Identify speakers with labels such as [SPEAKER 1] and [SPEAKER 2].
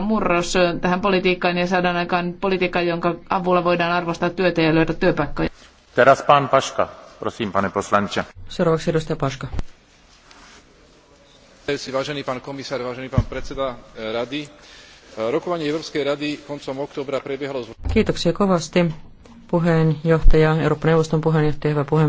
[SPEAKER 1] murros tähän politiikkaan ja saadaan aikaan politiikka, jonka avulla voidaan arvostaa työtä ja löydä
[SPEAKER 2] työpaikkoja.
[SPEAKER 3] Teraz pan Paška. Prosím, pane poslanče.
[SPEAKER 1] Seuraavaksi edustaja Paška.
[SPEAKER 2] Vážený pán komisár, vážený pán predseda eh, rady. Eh, rokovanie Európskej rady koncom oktobra prebiehalo...
[SPEAKER 4] Kiitoksia kovasti
[SPEAKER 5] puheenjohtaja, Euroopan neuvoston puheenjohtaja, hyvä puheenjohtaja.